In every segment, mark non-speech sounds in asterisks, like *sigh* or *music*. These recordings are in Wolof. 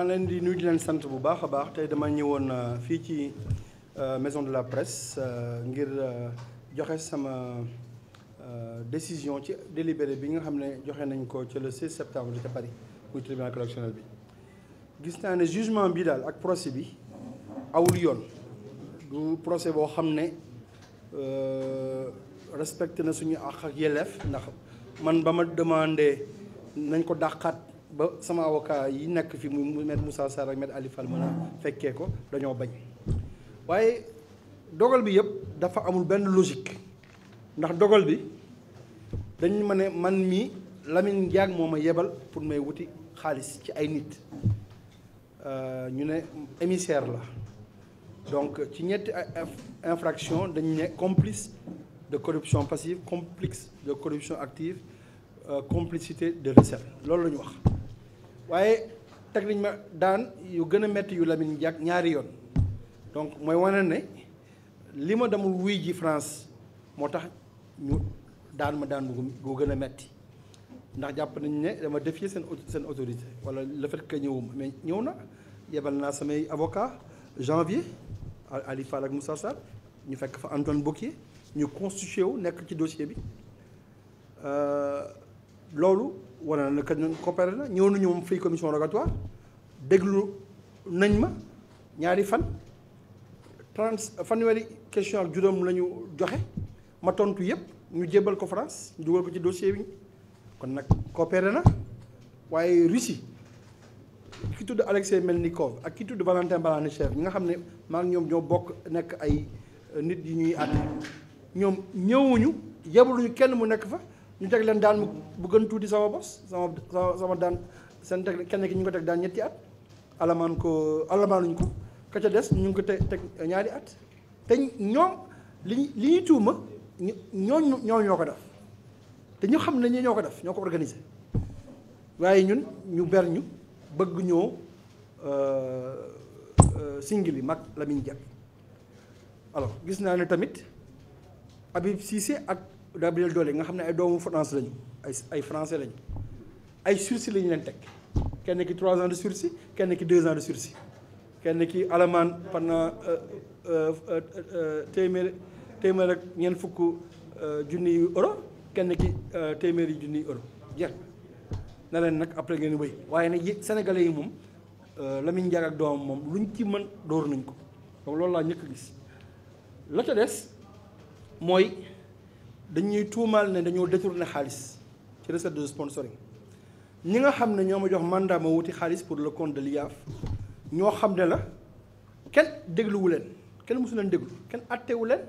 ma leen di nuyu di leen sant bu baax a baax tey dama ñëwoon euh, fii ci euh, maison de la presse euh, ngir joxe sama décision ci délibéré bi nga xam ne joxe nañ ko ci le 16 septembre ca Paris muy tribunal correctionnel bi. gis naa ne jugement bi daal ak procès bi awul yoon du procès boo xam ne respecté na suñu àq ak yelleef ndax man ba ma demandé nañ ko dàqaat. ba sama avocat yi nekk fi mu maître musa Sarr ak maître mën a fekkee ko dañoo bañ waaye dogal bi yëpp dafa amul benn logique ndax dogal bi dañ ma ne man mii Lamine Diack moom a yebal pour may wuti xaalis ci ay nit euh, ñu ne émissaire la donc ci ñetti infraction dañu ne complice de corruption passive complice de corruption active euh, complicité de recel loolu la ñu wax waaye teg nañ ma daan yu gën a métti yu Lamine Diack ñaari yoon donc mooy wane ne li ma demul wuy ji France moo tax ñu daan ma daan bu gën a métti ndax jàpp nañ ne dama défier seen seen autorité wala le fait que ñëwuma mais ñëw na yebal naa samay avocat janvier Ali Fall ak Moussa Sarr ñu fekk fa Antoine Boquier ñu constitué wu nekk ci dossier bi euh, loolu wane na que ñun coopéré na ñëw nañu moom fii commission rogatoire déglu nañ ma ñaari fan trente fanweeri question ak juróom la joxe ma tontu yëpp ñu jébbal ko France ñu dugal ko ci dossier bi kon nag coopéré na waaye Russie ki tudd Alexei Melnikov ak ki tudd Valentin Balanichev ñi nga xam ne maa ngi ñoom ñoo bokk nekk ay nit yi ñuy àtte ñoom ñëwuñu yebaluñu kenn mu nekk fa ñu teg leen daan bu gën tuuti sama bos sama sama daan seen teg kenn ki ñu ko teg daan ñetti at alamaan ko alamaanuñ ko ka ca des ñu ngi ko teg teg ñaari at te ñoom li li ñuy tuuma ñoo ñoo ñoo ko def te ñu xam ne ñi ñoo ko def ñoo ko organisé waaye ñun ñu ber ñu bëgg ñoo euh, euh, singili mag Lamine Diack alors gis naa ne tamit Habib Cissé ak Gabriel Dollé nga xam ne ay doomu France lañu ay ay français lañu ay sursis lañu leen teg kenn ki trois ans de sursis kenn ki deux ans de sursis kenn ki alamaan pendant euh, euh, euh, téeméer téeméer ak ñeent fukk junni yu euro kenn ki téeméeri junni yu euro jeex na leen nag après ngeen wéy waaye nag yéen sénégalais yi moom Lamine Diack ak doomam moom luñ ci mën dóor nañ ko donc loolu laa ñëkk gis la ca des mooy. dañuy tuumaal ne dañoo détourné xaalis ci recette de sponsoring ñi nga xam ne ñoo ma jox mandat ma wuti xaalis pour le compte de l'IAF ñoo xam ne la kenn dégluwu leen kenn mosu leen déglu kenn attewu leen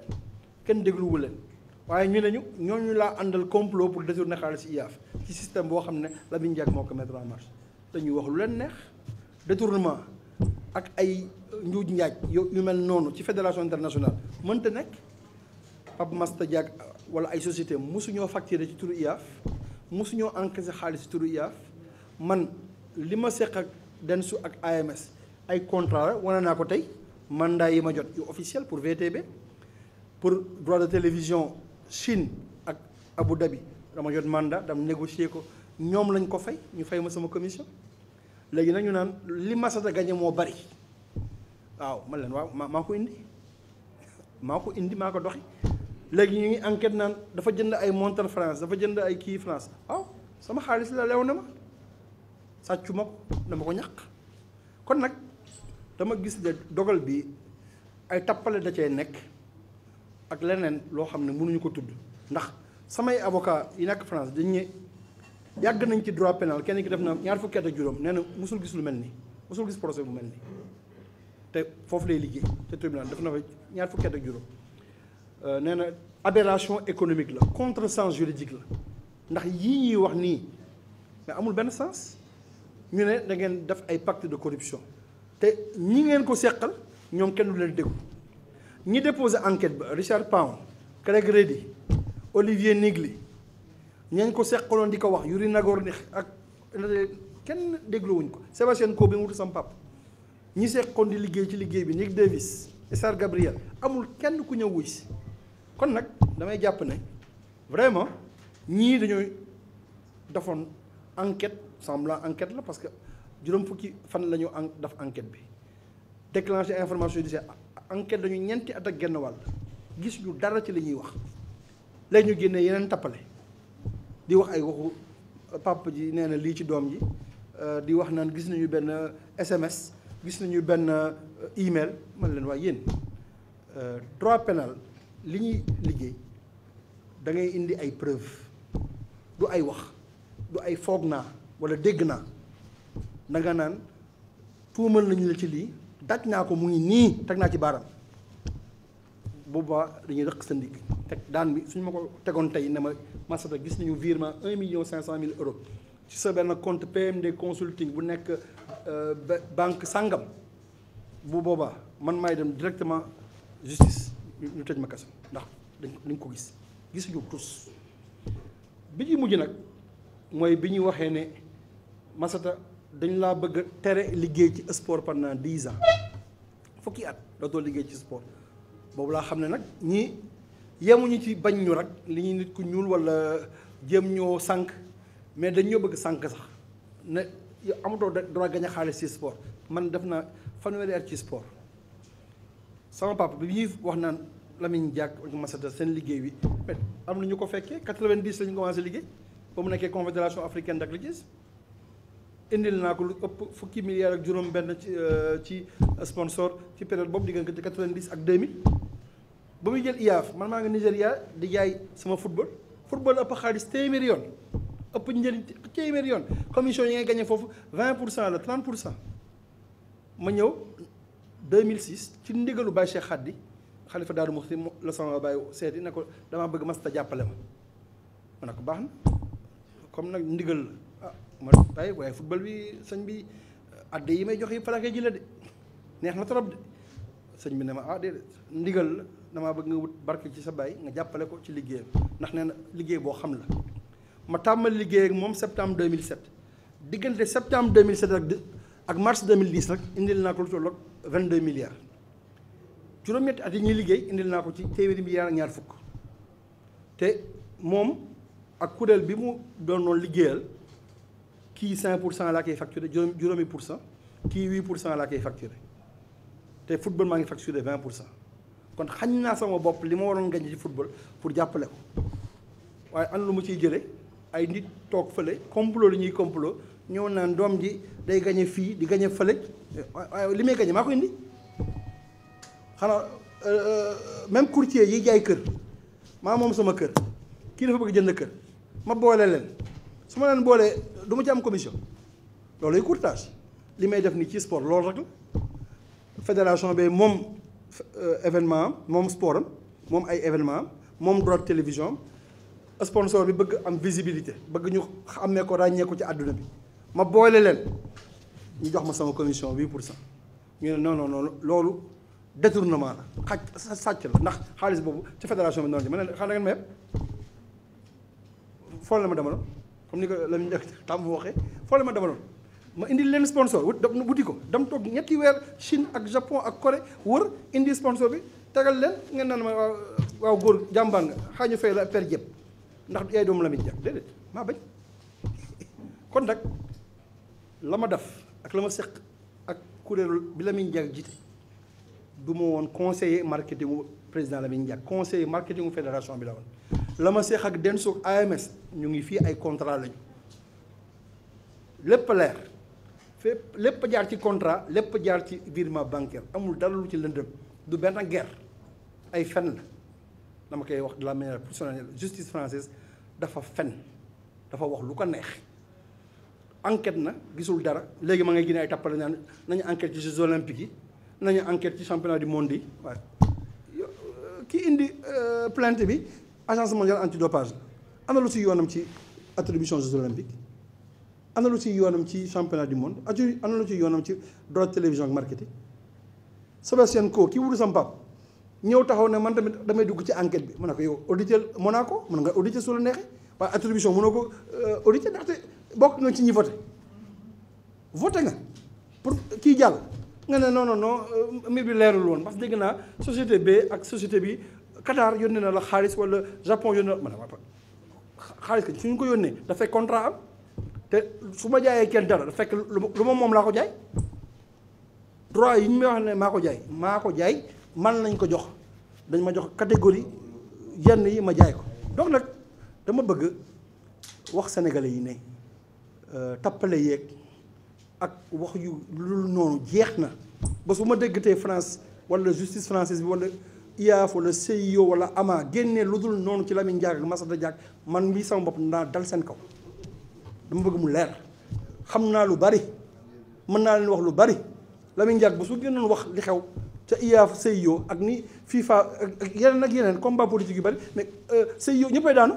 kenn dégluwu leen waaye ñu ne ñu ñooñu laa àndal complot pour détourner xaalis IAF ci système boo xam ne la bi Diack moo ko mettre en marche dañuy wax lu leen neex détournement ak ay njuuj njaaj yu mel noonu ci fédération internationale mënta nekk Pape Masta Diack wala ay société mosuñoo facturé ci turu IAF mosuñoo encaissé xaalis ci turu IAF man li ma seq ak densu ak AMS ay contrat wane naa ko tey mandaa yi ma jot yu officiel pour VTB pour droit de télévision Chine ak Abu Dhabi dama jot mandat dam négocier ko ñoom lañ ko fay ñu fay ma sama commission léegi nag ñu naan li Massata gagné moo bari waaw man leen waaw maa ko indi *laughs* maa ko indi maa ko doxi léegi ñu ngi enquête naan dafa jënd ay montre France dafa jënd ay kii France waaw oh, sama xaalis la lew na ma sàccu ma ko dama ko ñàkk kon nag dama gis ne dogal bi ay tappale da cee nekk ak leneen loo xam ne mënuñu ko tudd ndax samay avocat yi nekk France dañ ne yàgg nañ ci droit pénal kenn ki def na ñaar fukki at ak juróom nee na musul gis lu mel ni musul gis procès bu mel ni te foofu lay liggéey te tribunal def na ñaar fukki at ak juróom Euh, nee na aberration économique la contre contresens juridique la ndax yii ñuy wax nii mais amul benn sens ñu ne da ngeen def ay pacte de corruption te ñi ngeen ko seqal ñoom kenn du leen déglu ñi déposé enquête ba Richard Pound Craig Reddy Olivier Nigli ñañ ko seqaloon di ko wax Yuri Nagorny ak kenn dégluwuñ ko Sébastien Coe bi mu wutu sam pap ñi seqoon di liggéey ci liggéey bi Nick Davis Essar Gabriel amul kenn ku ñëw wuy si kon nag damay jàpp ne vraiment ñii dañoo defoon enquête semblant enquête la parce que juróom fukki fan la ñu en def enquête bi déclenché information judiciaire enquête dañu ñeenti at ak genn wàll gis ñu dara ci li ñuy wax léegi ñu génnee yeneen tappale di wax ay waxu papa ji nee na lii ci doom yi euh, di wax naan gis nañu benn SMS euh, gis nañu benn euh, email man leen waaye yéen droit pénal li ñuy liggéey da ngay indi ay preuve du ay wax du ay foog naa walla dégg naa na nga naan tuumal nañu la ci lii daj naa ko mu ngi nii teg naa ci baaram boobaa dañuy rëq sa ndigg teg daan bi suñu ma ko tegoon tey ne ma masata gis nañu virement un million cinq cent mille euros ci sa benn compte PMD consulting bu nekk euh, banque sàngam bu booba man maay dem directement justice ñu tëj ma kaso ndax dañ dañ ko gis gisuñu tus bi ci mujj nag mooy bi ñu waxee ne Massata dañ laa bëgg tere liggéey ci sport pendant dix ans fukki at dootoo liggéey ci sport boobu laa xam ne nag ñii yemuñu ci bañ ñu rek li ñuy nit ku ñuul walla jéem ñoo sànq mais dañ ñoo bëgg sànq sax ne yow amatoo droit gañ a xaalis ci sport man def naa fanweeri at ci sport sama papa bi ñuy wax naan Lamine Diack ak Massata seen liggéey bi am na ñu ko fekkee 90 la ñu commencé liggéey ba mu nekkee confédération africaine d' athlétisme indil naa ko lu ëpp fukki milliards juróom-benn ci euh, ci sponsor ci période boobu diggante 90 ak 2000 ba muy jël IAAF man maa ngi Nigéria di jaay sama football football ëpp xaalis téeméeri yoon ëpp njëriñ téeméeri yoon commission yi ngay gagné foofu 20 pour cent la 30 pour cent ma ñëw. 2006 ci ndigalu Baye Cheikh Khady xalifa Daaru Muxti la sama Baye seeti ne ko damaa bëgg mas ta jàppale ma ma ne ko baax na comme nag ndigal la ah ma bàyyi waaye football bi sëñ bi adde yi may joxe falake ji la de neex na trop de bi ne ma ah, ndigal la damaa bëgg nga wut barke ci sa baay nga jàppale ko ci liggéeyam ndax nee na liggéey boo xam la ma tàmmal liggéey ak moom septembre 2007 diggante septembre 2007 ak ak mars 2010 nag indil naa ko lu tolloog 22 milliards juróom-ñetti at yi ñuy liggéey indil naa ko ci téeméeri milliards ñaar fukk te moom ak kuréel bi mu doon liggéeyal kii 5 pour cent laa koy facturé juróom juróomi pour cent kii 8 pour cent laa koy facturé te football maa ngi facturé 20 pour cent kon xañ naa sama bopp li ma waroon gañ ci football pour jàppale ko waaye am lu ma ciy jële ay nit toog fële complot li ñuy complot ñëw naan doom ji day gañe fii di gañe fële. waaye li may gagné maa ko indi xanaa euh, euh, même courtier yi jaay kër maa moom sama kër kii dafa bëgg jënd kër ma boole leen su ma leen boolee du ma ci am commission looluy courtage li may def nii ci sport loolu rek la fédération bi moom euh, événement am moom sport moom ay événement am moom droit télévision am sponsor bi bëgg am visibilité bëgg ñu xàmmee ko ràññeeku ci àdduna bi ma boole leen ñu jox ma sama commission 8 pour cent ñu ne loolu détournement la xaj sàcc la ndax xaalis boobu ci fédération bi noonu ma ne xaar da ngeen ma la ma demaloon comme ni ko la ñu njëkk tam waxee demaloon ma indi leen sponsor wut wuti ko dam toog ñetti weer Chine ak Japon ak Corée wër indi sponsor bi tegal leen ngeen naan ma waaw waaw góor jàmbaar nga xaa ñu fay la per jëpp ndax yaay doomu la muy jàpp déedéet maa bañ *laughs* kon nag la ma def ak la ma seq ak kuréelu bi Lamine Diack jiite du ma woon conseiller marketing wu président Lamine Diack conseiller marketing wu fédération bi la woon la ma seq ak Denso AMS ñu ngi fii ay contrat lañu lépp leer fépp lépp jaar ci contrat lépp jaar ci virement bancaire amul dara lu ci lëndëm du benn guerre ay fen la dama koy wax de la manière personnelle justice française dafa fen dafa wax lu ko neex enquête na gisul dara léegi ma ngay gën ay tàppale naan nañu enquête ci jeux olympiques yi nañu enquête ci championnat du monde yi waaye euh, ki indi euh, plainte bi agence mondiale antidopage ana lu yoonam ci atribusion jeux olympiques ana lu ci yoonam ci championnat du monde atu ana lu yoonam ci droit télévision ak marketing Sébastien Coe kii wudu sam ñëw taxaw ne man tamit damay dugg ci enquête bi mu ne ko yow auditeur Monaco mën nga auditeur su la neexee waaye ko euh, auditeur bokk nga ci ñi voté voté nga pour kii jàll nga ne noonu non non euh, mbir bi leerul woon parce que dégg naa société be ak société bi Qatar yónnee na la xaalis wala Japon yónnee na la xaalis ka suñu ko yónnee dafay te su ma jaayee kenn dara fekk lu moom laa ko jaay droit yi ñu may wax ne maa ko jaay maa ko jaay man lañ ko jox dañ ma jox catégorie yenn yi ma jaay ko dox nag dama bëgg wax sénégalais yi ne Euh, tappale yeeg ak wax yu lu noonu jeex na ba su ma dégg tey France wala justice française bi walla IAAF wala CIO wala AMA génnee lu dul noonu ci Lamine Diack ak Massata Diack man mii sama bopp naa dal seen kaw dama bëgg mu leer xam naa lu bari mën naa leen wax lu bari Lamine Diack ba su génnoon wax li xew ca IAAF CIO ak ni FIFA ak yeneen ak yeneen combat politique yu bari mais euh, CIO ñëppay daanu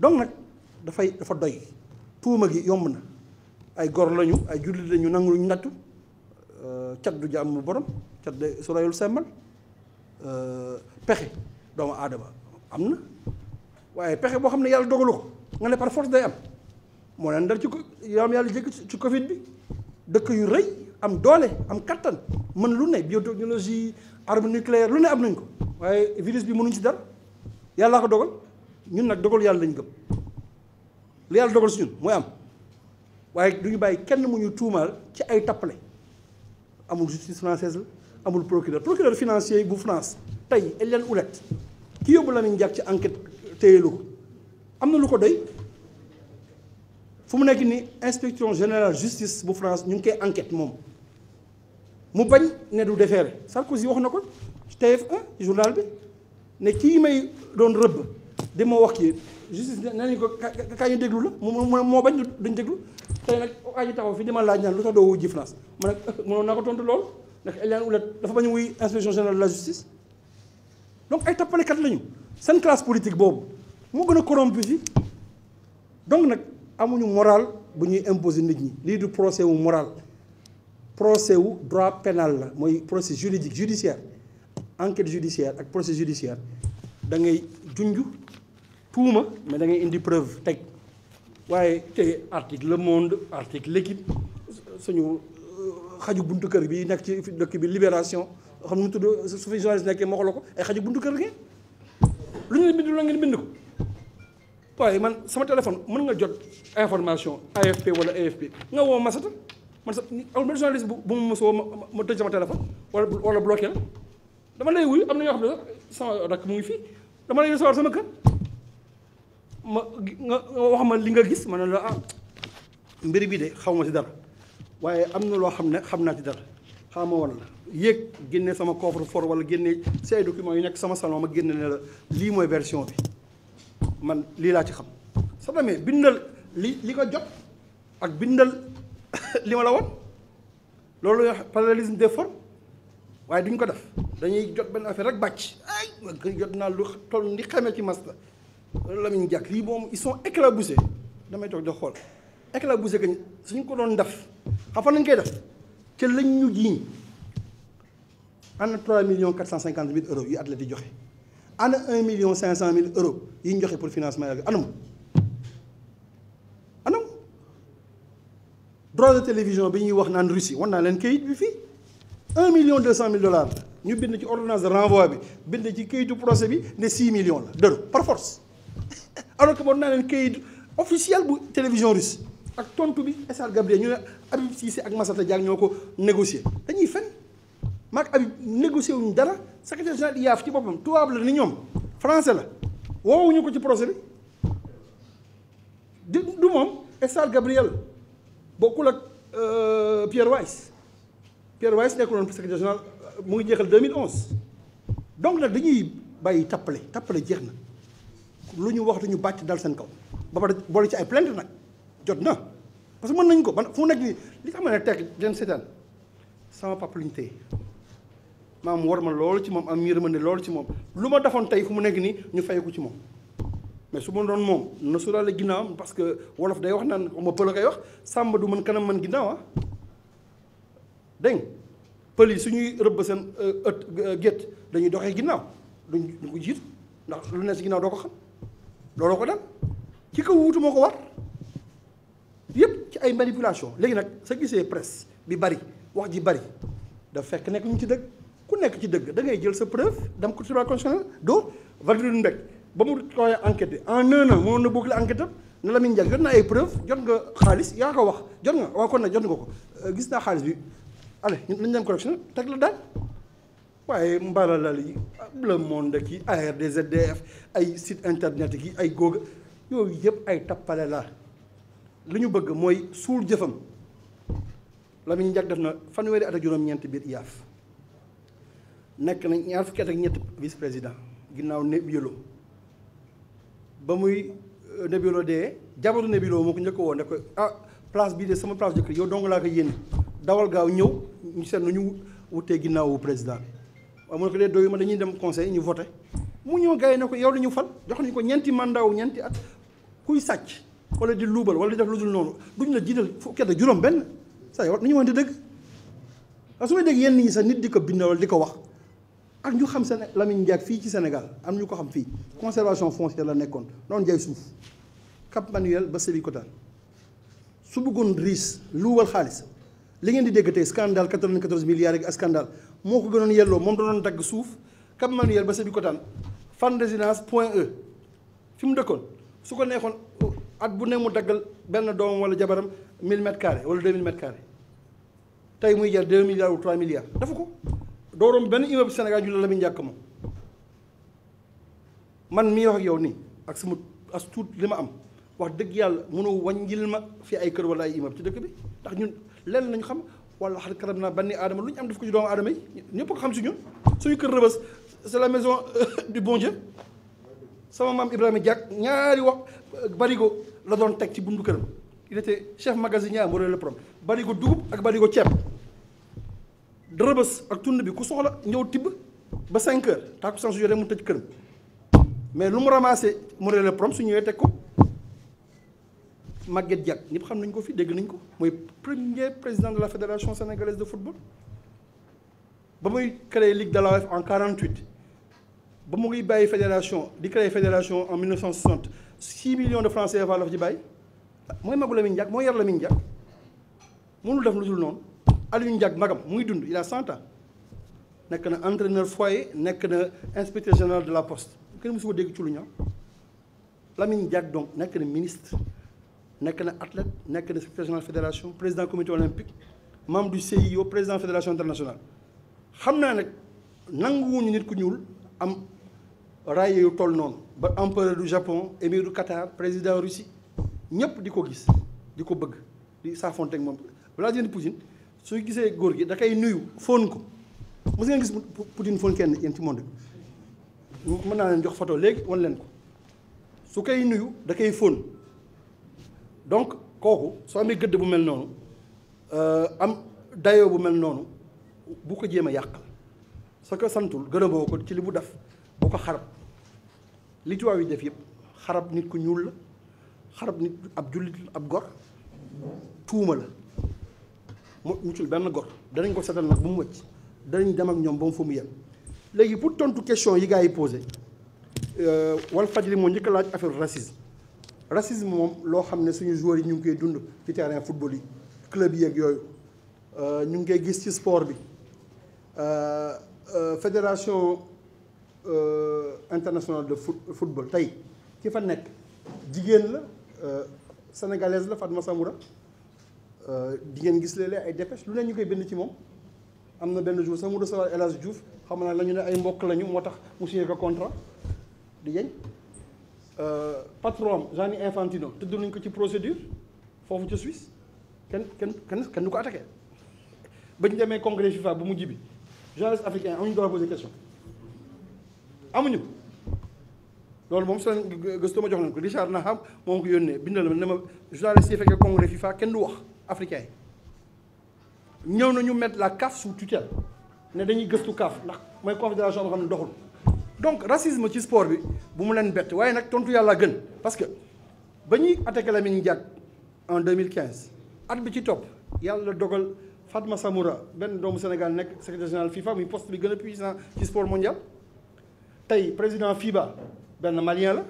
donc nag. dafay dafa doy tuuma gi yomb na ay gor lañu ay jullit lañu nangu luñu nattu euh, cat du jàmm borom cat de su rayul semmal euh, pexe doomu aadama am na waaye pexe boo xam ne yàlla dogalu ko nga ne par force day am moo leen dal ci ko yam yàlla jékki ci Covid bi dëkk yu rëy am doole am kattan mën lu ne biotechnologie arme lu ne am nañ ko waaye virus bi mënuñ ci dara yàllaa ko dogal ñun nag dogal yàlla lañu gëm. li yàlla dogal si ñun mooy am waaye du ñu bàyyi kenn mu ñu tuumaal ci ay tappale amul justice française la amul procureur procureur financier bu France tey Eliane Oulette ki yóbbu Lamine Diack ci enquête téyelu ko am na lu ko doy fu mu nekk ni inspection général justice bu France ñu ngi koy enquête moom mu bañ ne du déféré Sarkozy wax na ko ci TF1 journal bi ne kii may doon rëbb di moo wax kii justice nee nañu ko kaa ñu déglu la mu moo bañ duñ déglu tey nag aji taxaw fi di ma laaj naan lu tax doo wujji France ma nag eh, mënoon naa ko tontu lool ndax Eliane Houlet dafa la justice donc ay tappalekat lañu seen classe politique boobu moo gën a corrompu fi donc nag amuñu moral bu ñuy imposer nit ñi lii du procès wu moral procès wu droit pénal la mooy procès juridique judiciaire enquête judiciaire ak procès judiciaire da ngay junj tuuma mais dangay indi preuve teg waaye tey article Le Monde article L'Équipe suñu euh, xaju buntu kër bi nekk ci dëkk bi Libération xam nu mu tudd su fi journaliste nekkee moo ko ay xaju buntu kër ngeen lu ñu bind la ngeen bind ko waaye man sama téléphone mën nga jot information AFP wala AFP nga woo Massata man sax amul benn journaliste bu mu mos ma ma tëj sama téléphone wala wala bloqué la dama lay wuyu am na ñoo xam ne sama rak mu ngi fii dama lay ma nga wax ma li nga gis ma ne la ah mbir bi de xaw ma ci dara waaye am na loo xam ne xam naa ci dara xaw ma woon la yéeg génne sama coffre for wala génne say documents yu nekk sama salon ma génne ne la lii mooy version bi man lii laa ci xam soo demee bindal li li ko jot ak bindal *laughs* li ma la woon loolu wax parallélisme des formes waaye duñ ko def dañuy jot benn affaire rek bàcc ay ma jot naa lu toll ni xamee ci mas la Lamine jàkk lii moom ils sont éclaboussés damay toog jox xool éclaboussés que suñ ko doon def xam fan lañ koy def ca lañ ñu jiiñ na 3 millions 450 mille euros yu athlètes yi joxe ana 1 million 500 mille euros yi ñu joxe pour financement yàgg anam anam droit de télévision bi ñuy wax naan Russie wan naa leen kayit bi fii 1 million 200 mille dollars ñu bind ci ordonnance de renvoi ci kayitu procès bi ne 6 millions la dërëm par force. alors que naa leen kayit officiel bu télévision russe ak tontu bi Essar Gabriel ñu ne Habib Cissé ak Massata Diack ñoo ko négocier dañuy fen ak Habib négocier wuñ dara secrétaire général IAAF ci boppam tubaab la ni ñoom français la woowuñu ko ci procès bi du du moom Essar Gabriel bokkul ak euh, Pierre Weiss Pierre Weiss nekkul woon secrétaire général euh, mu ngi jeexal 2011 donc nag dañuy bàyyi tappale tappale jeex na. lu ñu wax ñu bàcc dal seen kaw ba pare boole ci ay plainte nag jot na parce que mën nañ ko man fu nekk nii li tax ma ne teg leen seetaan sama papa lu ñu téye maam war ma loolu ci moom am yërmande loolu ci moom lu ma defoon tey fu mu nekk nii ñu fay ko ci moom mais su ma doon moom na su suraale ginnaawam parce que wolof day wax naan ma pël koy wax sàmba du mën kanam man ginnaaw ah dégg nga pël yi su ñuy rëbb seen euh, ët euh, gétt dañuy doxee ginnaaw duñ ko jiit ndax lu ne si ginnaaw xam looloo ko dal ci ko wuutu moo ko wax yépp ci ay manipulation léegi nag sa gisee presse bi bari wax ji bari daf fekk nekk ñu ci dëgg ku nekk ci dëgg da ngay jël sa preuve dem ko tribunal constitutionnel doo Vladimir Mbek ba mu koy enquêté en un an mënoon na boucler enquête na la muy njëkk jot na ay preuve jot nga xaalis yaa ko wax jot nga waaw kon nag jot nga ko euh, gis naa xaalis bi allez ñun dañu leen correction teg la daal. waaye mbaralal yi le monde ki ard ay sit internet ki ay googa yooyu yëpp ay tappale la li ñu bëgg mooy suul jëfam Lamine Ndiack def na fanweeri at ak juróom-ñeent biir IAAF nekk na ñaar fukki at ak ñett vice président ginnaaw Nebbiolo ba muy euh, Nebbiolo dee jabaru Nebbiolo moo ko njëkk woon ne ko ah place bii de sama place jëkkër yow dong laa ko yéene dawal gaaw ñëw ñu seet nu ñu wutee ginnaawu président waaw mu ne ko dee doyu ma dañuy dem conseil ñu voté mu ñëw gars yi ko yow la ñu fal jox nañu ko ñeenti mandat wu ñeenti at kuy sàcc wala di luubal wala di def lu dul noonu ñu la jiital fukki at juróom benn saa na ñu waxante dëgg waaw su may dégg yenn ñi sax nit di ko bind wala di ko wax ak ñu xam seen Lamine Diack fii ci Sénégal am ñu ko xam fii conservation foncière la nekkoon noonu jaay suuf Cap Manuel ba Sébikotane su bëggoon riis luubal xaalis li ngeen di dégg tey scandale 94 milliards ak scandale moo ko gënoon yelloo moom da doon dagg suuf Cap Manuel ba Sébikotane fan résidence point E fi mu dëkkoon su ko neexoon uh, at bu ne mu daggal benn doomam wala jabaram 1000 mètres carrés wala 2000 mètres carrés tey muy jar 2 milliards ou 3 milliards dafa ko dooroom benn immeuble Sénégal ñu la njàkk moom man mii wax ak yow nii ak sama as tuut li ma am wax dëgg yàlla mënoo wàññil ma fi ay kër wala ay immeuble ci dëkk bi ndax ñun lenn lañu xam. wala xar karam naa banni aadama lu ñu am def ko ci doomu aadama yi ñëpp ko xam si ñun suñu kër rëbës c'est la maison euh, du bon Dieu sama maam Ibrahima Diack ñaari wax euh, barigo la doon teg ci bundu këram il était chef magasinier am wala le barigo dugub ak barigo ceeb rëbës ak tund bi ku soxla ñëw tibb ba 5 heures taaku san su mu tëj këram mais lu mu ramassé mu ne su ñëwee teg ko Maguette Diack ñëpp xam nañ ko fii dégg nañ ko mooy premier président de la fédération sénégalaise de football ba muy créé ligue de l'AOF en 48 ba mu ngi bàyyi fédération di créé fédération en 1960 6 millions de francs CFA la fa ci bàyyi mooy magu Lamine Diack mooy yar Lamine Diack mënul def lu dul noonu Alioune Diack magam mu ngi dund il a 100 ans nekk na entraîneur foyer nekk na inspecteur général de la poste kenn mosu ko dégg ci lu ñaaw Lamine Diack donc nekk na ministre. nekk na athlète nekk na secrétaire général fédération président comité olympique membre du CIO président fédération internationale xam naa nag nanguwuñu nit ku ñuul am raaye yu toll noonu ba empereur du Japon émir du Qatar président Russie ñëpp di ko gis di ko bëgg di saafonte ak moom Vladimir Poutine su gisee góor gi da kay nuyu foon ko mos ngeen gis Poutine fóon kenn yéen ci monde bi mën naa leen jox photo léegi wan leen ko su koy nuyu da kay fóon donc kooku soo amee gëdd bu mel noonu euh, am dayoo bu mel noonu bu ko jéem a yàqal sa ko santul gërëmoo ko ci li bu def bu ko xarab li tubaab yi def yëpp xarab nit ku ñuul la xarab nit ab jullit ab gor tuuma la mu muccul benn gor danañ ko setal nag bu mu wëcc danañ dem ak ñoom ba mu fa mu yem léegi pour tontu question yi gars yi posé euh, Walf Fadjri moo njëkk laaj affaire racisme racisme moom loo xam ne suñu joueurs yi ñu ngi koy dund ci terrain football yi club yi ak yooyu euh, ñu ngi koy gis ci sport bi euh, euh, fédération internationale de football tey ki fa nekk jigéen la sénégalaise la Fatma Samoura di ngeen gis lee léeg ay dépêche lu ne ñu koy bind ci moom am na benn jour sax mu recevoir El Hadj xam naa la ñu ne ay mbokk lañu moo tax mu signé ko contrat di yeñ Euh, patron Gianni Infantino tudd nañ ko ci procédure foofu ca Suisse kenn kenn kenn kenn du ko attaqué ba ñu demee congrès FIFA bu mujj bi journaliste africain amuñu droit poser question amuñu loolu moom seen gëstu ma jox nañ ko Richard Naham moo ko yónnee bindal ma ne ma journaliste yi fekkee congrès FIFA kenn du wax africain yi ñëw nañu mettre la CAF sous tutelle ne dañuy gëstu CAF ndax mooy confédération boo xam ne doxul donc racisme ci sport bi bu mu leen bett waaye nag tontu yàllaa gën parce que ba ñuy attaqué Lamine Diack en 2015 at bi ci topp yàlla dogal Fatma Samoura benn doomu Sénégal nekk secrétaire général FIFA muy poste bi gën a puissant ci sport mondial tey président FIBA benn malien la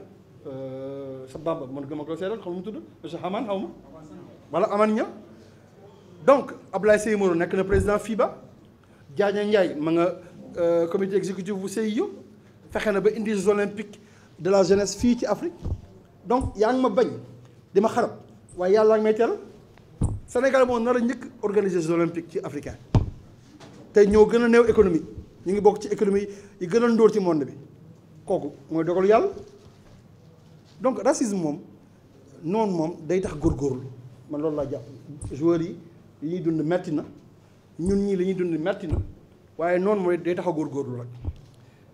euh, sa baba mën nga ma ko seetal xam mu tudd monsieur Haman xaw ma wala Aman Ña donc Ablaye Seye Moro nekk na président FIBA Diagne Ndiaye ma nga euh, comité exécutif bu CIO fexe na ba indi jeux olympiques de la jeunesse fii ci Afrique donc yaa ngi ma bañ di ma xarab waaye yàlla ngi may teel Sénégal moo nar njëkk organiser jeux ci africain te ñoo gën a new économie ñu ngi bokk ci économie yi gën a ndóor ci monde bi kooku mooy dogalu yàlla donc racisme moom noonu moom day tax góor góorlu man loolu laa jàpp joueurs yi li ñuy dund metti na ñun ñii li ñuy dund metti na waaye noonu mooy day tax a góorgóorlu rek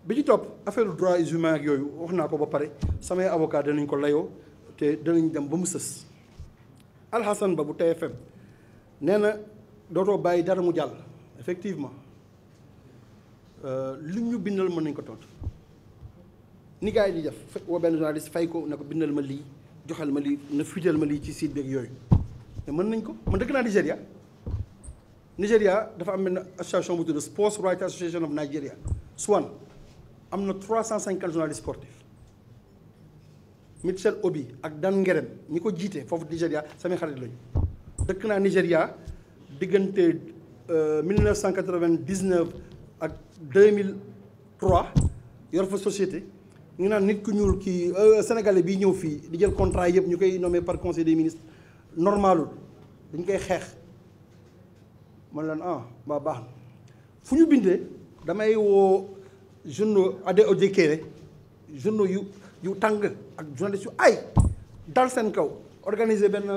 bi ci topp affaire droits humains ak yooyu wax naa ko ba pare samay avocat danañ ko layoo te danañ dem ba mu sës Alxasan ba bu TFM nee na dootoo bàyyi dara mu jàll effectivement euh, li ñu bindal mën nañ ko tontu ni gars yi di def woo benn journaliste fay ko ne ko bindal ma lii joxal ma lii na fiital ma lii ci site beeg yooyu mais mën nañ ko man dëkk naa Nigéria Nigéria dafa am benn association bu tudd Sports Rights Association of Nigeria SWAN am na trois cent 350 journalistes sportifs Michel Obi ak Dan Ngerem ñi ko jiite foofu Nigéria samay xarit lañu dëkk naa Nigéria diggante 1999 euh, ak 2003 yor fa société ñu naan nit ku ñuul kii euh, sénégalais bi ñëw fii di jël contrat yëpp ñu koy nommé par conseil des ministres normalul dañ koy xeex man leen ah mbaa baax na fu ñu bindee damay woo. journaux ade auditeurs keene journaux yu yu tàng ak journaliste yu ay daal seen kaw organiser benn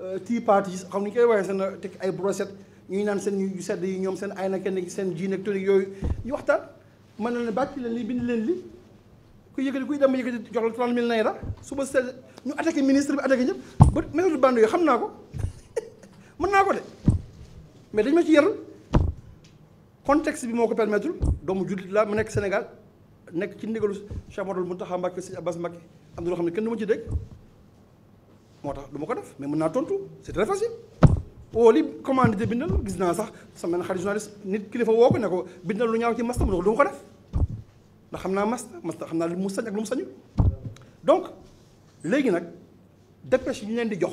euh, tea party xam ni ñu koy waxee seen teg ay brochette ñuy naan seen yu sedd yi ñoom seen ay na kenn seen ji nag tonique yooyu ñu waxtaan mën na ne bàcc leen li bind leen li ku yëkkati kuy dem ba yëkkati jox la 30 000 naira suba sedd ñu attaqué ministre bi attaqué ñëpp ba méthode bande yooyu xam naa ko *laughs* mën naa ko de mais dañ ma ci yaral contexte bi moo ko permettre doomu jullit laa mu nekk Sénégal nekk ci ndigalu Cheikh Modou Mountakha Mbacké Sëñ Abbas Mbacké am loo xam ne kenn du ma ci dégg moo tax du ko def mais mën naa tontu c'est très facile oo oh, li commandité bindal gis naa sax sama xarit journaliste nit kilifa woo ko ne ko bindal lu ñaaw ci masta mu ne ko du ma ko def ndax xam naa masta masta xam naa lu mu sañ ak lu mu sañu donc léegi nag dépêche yi ñu leen di jox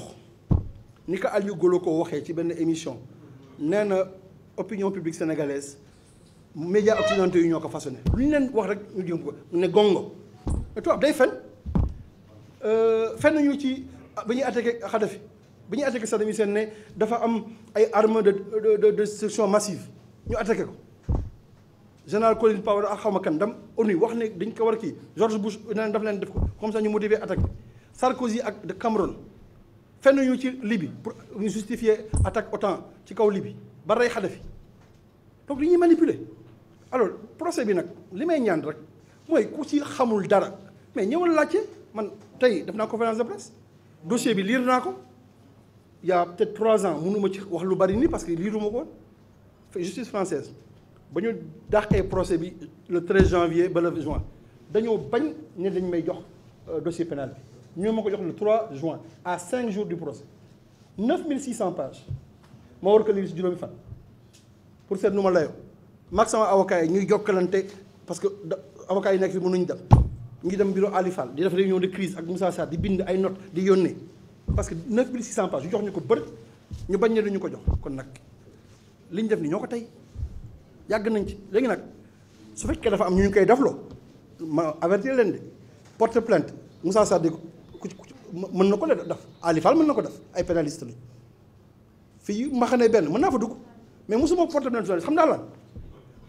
ni ko Aliou Golo ko waxee ci benn émission nee na opinion publique sénégalaise médias occidentaux yi ñoo ko façonné lu ñu leen wax rek ñu jëm ko ne gongo mais tubaab day fen euh, fen ñu ci bi ñuy attaqué Kadhafi bi ñuy attaqué Saddam Hussein ne dafa am ay armes de de destruction massive ñu attaqué ko général Colin Powell a xaw ma kan dam ONU wax ne dañ ko war kii George Bush naan daf leen def ko comme sax ñu mu motiver attaque bi Sarkozy ak de Cameroun fenn ñu ci Libye pour ñu justifier attaque OTAN ci kaw Libye ba rey Xadafi donc dañuy manipuler alors procès bi nag li may ñaan rek mooy ku ci xamul dara mais ñëwal laajte man tey def naa conférence de presse dossier bi liir naa ko il y a peut-être trois ans mënuma ci wax lu bari nii parce que liiruma ko justice française ba ñu dàqee procès bi le 13 janvier ba le juin dañoo bañ ne dañ may jox euh, dossier pénal bi ñoo ma ko jox le 3 juin à cinq jours du procès 9600 pages ma war ko lii si juróomi fan pour seet nu ma layoo mag sama avocat yi ñuy jokkalante parce que avocat yi nekk fi mënuñ dem ñu ngi dem bureau Ali Fall di def réunion de crise ak Moussa Sarr di bind ay notes di yónnee parce que 9600 pages yu jox ñu ko bëri ñu bañ ne ñu ko jox kon nag li ñu def ni ñoo ko tey yàgg nañ ci léegi nag su fekkee dafa am ñu ñu koy loo ma avertir leen de porte plainte Moussa Sarr di ku mën na ko la def Ali mën na ko def ay pénaliste lañ fii mbaxane benn mën naa fa dugg mais mosuma porté benn journaliste xam naa lan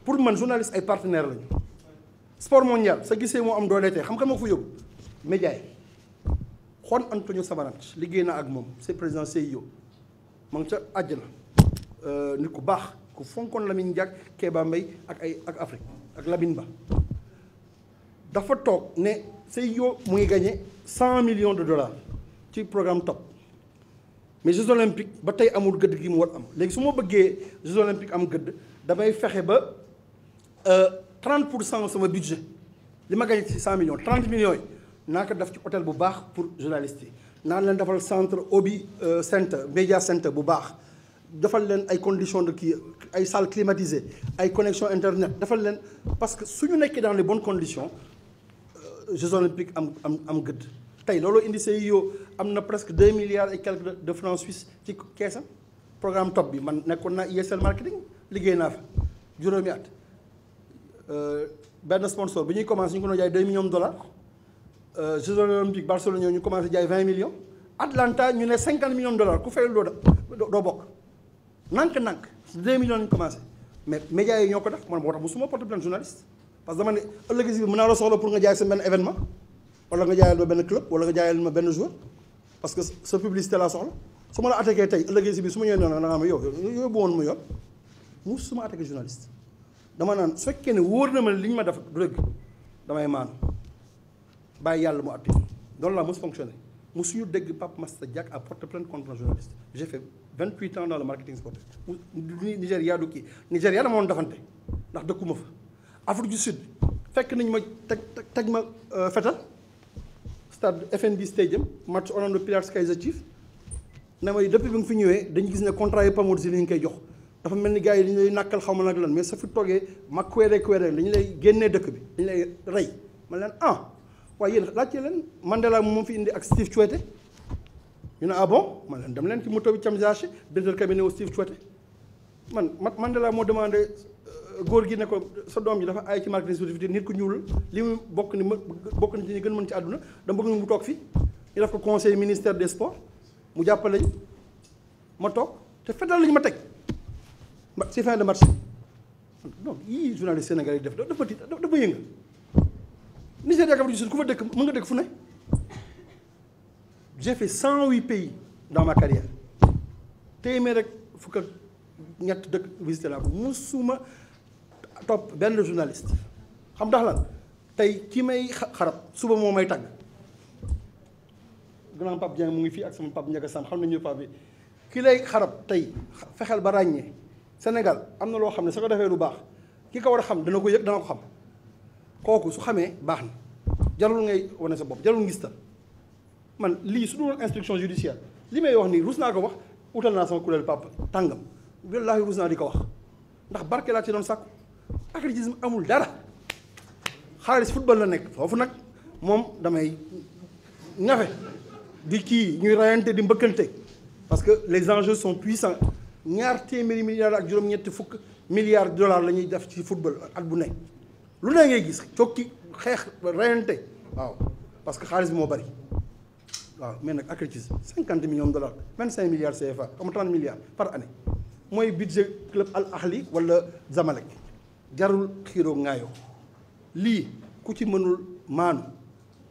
pour man journaliste ay partenaire lañu sport mondial sa gisee moo am doole tey xam-xam ma ko fa yóbbu média yi Juan Antonio Samaranch liggéey na ak moom c'est président CIO ma ngi ca àjjana euh, nit ku baax ku fonkoon Lamine Diack Kéba mbay ak ay ak Afrique ak Lamine Ba dafa toog ne CIO mu ngi gagné cent millions de dollars ci programme top mais Jeux olympiques ba tey amul gëdd gi mu war am léegi su ma bëggee Jeux olympiques am gëdd damay fexe ba 30 euh, pour cent sama budget li ma gagné ci 100 millions 30 millions yi naa ko def ci hôtel bu baax pour journalistes yi naa leen defal centre obi euh, centre média centre bu baax defal leen ay conditions de kii ay salle climatisé ay connexion internet defal leen parce que su ñu nekkee dans les bonnes conditions euh, Jeux olympiques am am am gëdd. tey looloo indi CIO e am na presque deux milliards et quelques de francs suisse ci keesam programme top bi man nekkoon naa ISL marketing liggéey naa fa juróomi at euh, benn sponsor bi ñuy commencé ñu ko doon jaay deux millions dollars euh, Jeux olympiques Barcelone ñu commencé jaay vingt millions Atlanta ñu ne cinquante millions de dollars ku fayal doo doo bokk nank-nank deux millions lañu commencé mais médias yi ñoo ko def man moo tax bu suma porte wala nga jaayal ma benn club wala nga jaayal ma benn joueur parce que sa publicité laa soxla su ma la attaqué tey ëllëgee si biir su ma ñëwee noonu da nga xam yow yow bu woon mu yor dama naan su fekkee ne wóor na ma ne li ñu ma def du dëgg damay maanu bàyyi yàlla mu àtte loolu laa mos mu mosuñu dëgg Pape Master Diack a porté plainte contre un journaliste j'ai fait vingt huit ans dans le marketing sportif Nigéria du kii Nigéria dama doon defante ndax dëkkuma fa Afrique du Sud fekk nañ ma teg teg ma euh, fetal stade FNB Stadium match Orlando Pirates Kaizer Chiefs ne ma depuis bi nga fi ñëwee dañu gis ne contrat yi Pamod si li ñu koy jox dafa mel ni gars dañu lay nàkkal xaw ma nag lan mais sa fi toogee mag kuweeree kuweeree dañu lay génnee dëkk bi dañu lay rey ma leen ah waaye yéen laajte leen Mandela moom fi indi ak Steve Chouette ñu ne ah bon leen dem leen ci moto bi Cham Zache directeur cabinet Steve Chouette man Mandela moo demandé. góor gi ne ko sa doom ji dafa ay ci marketing scientifique nit ku ñuul li mu bokk ni bokk na ci ñi gën mën ci àdduna dama bëgg mu toog fi ñu def ko conseil ministère des sports mu jàppale ñu ma toog te fetal lañu ma teg si fin de match def dafa tiit dafa yënga Nigéria Afrique du Sud ku fa dëkk mën nga dëkk fu ne j'ai cent huit pays dans ma carrière téeméer rek fukk ñett dëkk visité laa musuma topp benn journaliste xam ndax lan tey ki may xarab suba moo may tagg grand Pape Dieng mu ngi fii ak sama Pape Ndiaga Sam xam nañu Pape bi ki lay xarab tey fexeel ba ràññee Sénégal am na loo xam ne su ko defee lu baax ki ko war a xam dana ko yëg dana ko xam kooku su xamee baax na jarul ngay wane sa bopp jarul ngis ta man lii su dul instruction judiciaire li may wax nii rus naa ko wax utal naa sama kuréel Pape tàngam wallaahi rus naa di ko wax ndax barke laa ci athlétisme amul dara xaalis football la nekk foofu nag moom damay ñafe di kii ñuy rayante di mbëkkante parce que les enjeux sont puissants ñaar téeméeri milliards ak juróom-ñetti fukk milliards dollars la ñuy def ci football ak bu nekk lu ne ngay gis cokki xeex rayante waaw parce que xaalis moo bari waaw mais nag athlétisme cinquante millions de dollars vingt cinq milliards CFA comme trente milliards par année mooy budget club Al Ahli wala Zamalek jarul xiiroo ngaayoo lii ku ci mënul maanu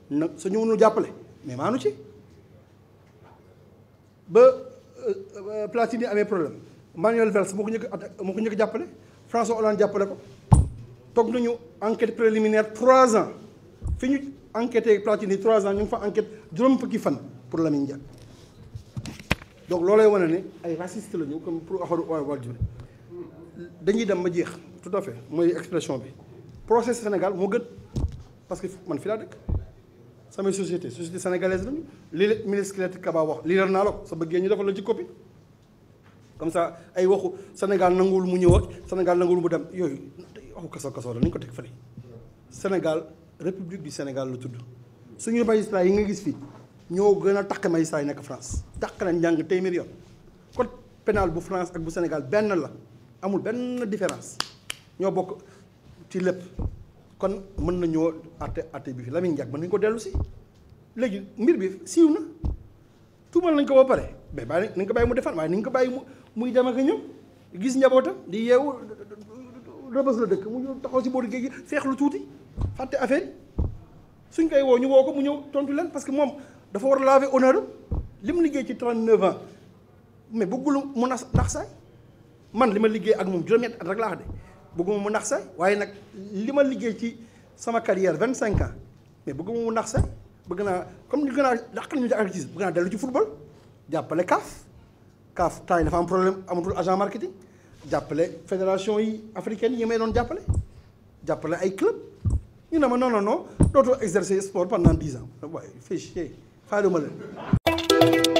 nag sa ñu mënul jàppale mais maanu ci ba euh, euh, Platini amee problème Manuel Valls moo ko njëkk a moo ko njëkk jàppale François Hollande jàppale ko toog nañu enquête préliminaire trois ans fi ñu enquêté Platini trois ans ñu fa enquête juróom fukki fan pour Lamine Diack donc loolay wane ne ay raciste la ñu comme pour axaru oa wal dañuy dem ma jeex tout a fait mooy expression bi procès Sénégal moo gën parce que man fi laa dëkk samay société société sénégalaise lañu lii la ministre Kilate Kaba wax lii la naa la ko sa bëggee ñu defal la ci copie comme ça ay waxu Sénégal nanguwul mu ñëw ak Sénégal nanguwul mu dem yooyu waxu kaso kaso la nañu ko teg fële Sénégal république du Sénégal la tudd suñu magistrat yi nga gis fii ñoo gën a takk magistrat yi nekk France takk nañ njàng téeméer yoon code pénal bu France ak bu Sénégal benn la amul benn différence ñoo bokk ci lépp kon mën nañoo àtte àtte bi fi Lamine Diack mën nañu ko dellu si léegi mbir bi siiw na tuumal nañ ko ba pare mais bàyyi nañ ko bàyyi mu defar waaye nañ ko bàyyi mu muy dem ak ñëw gis njabootam di yeewu rëbës la dëkk mu ñëw taxaw si booru géej gi feex lu tuuti fàtte affaire suñ koy woo ñu woo ko mu ñëw tontu leen parce que moom dafa war a honneur li mu liggéey ci 39 ans mais bëggul mu nax saay man li ma liggéey ak moom juróom-ñetti rek laa bëgguma mu nax sa waaye nag li ma liggéey ci sama carrière vingt cinq ans mais bëgguma mu nax sa bëgg naa comme li gën a dàqal ñu ci agriculture bëgg naa dellu ci football jàppale CAF CAF temps dafa am problème amatul agent marketing jàppale fédération yi africaine yi may doon jàppale jàppale ay club ñu ne ma non non non dootoo exercer sport pendant dix ans waaye fais chier faaluma leen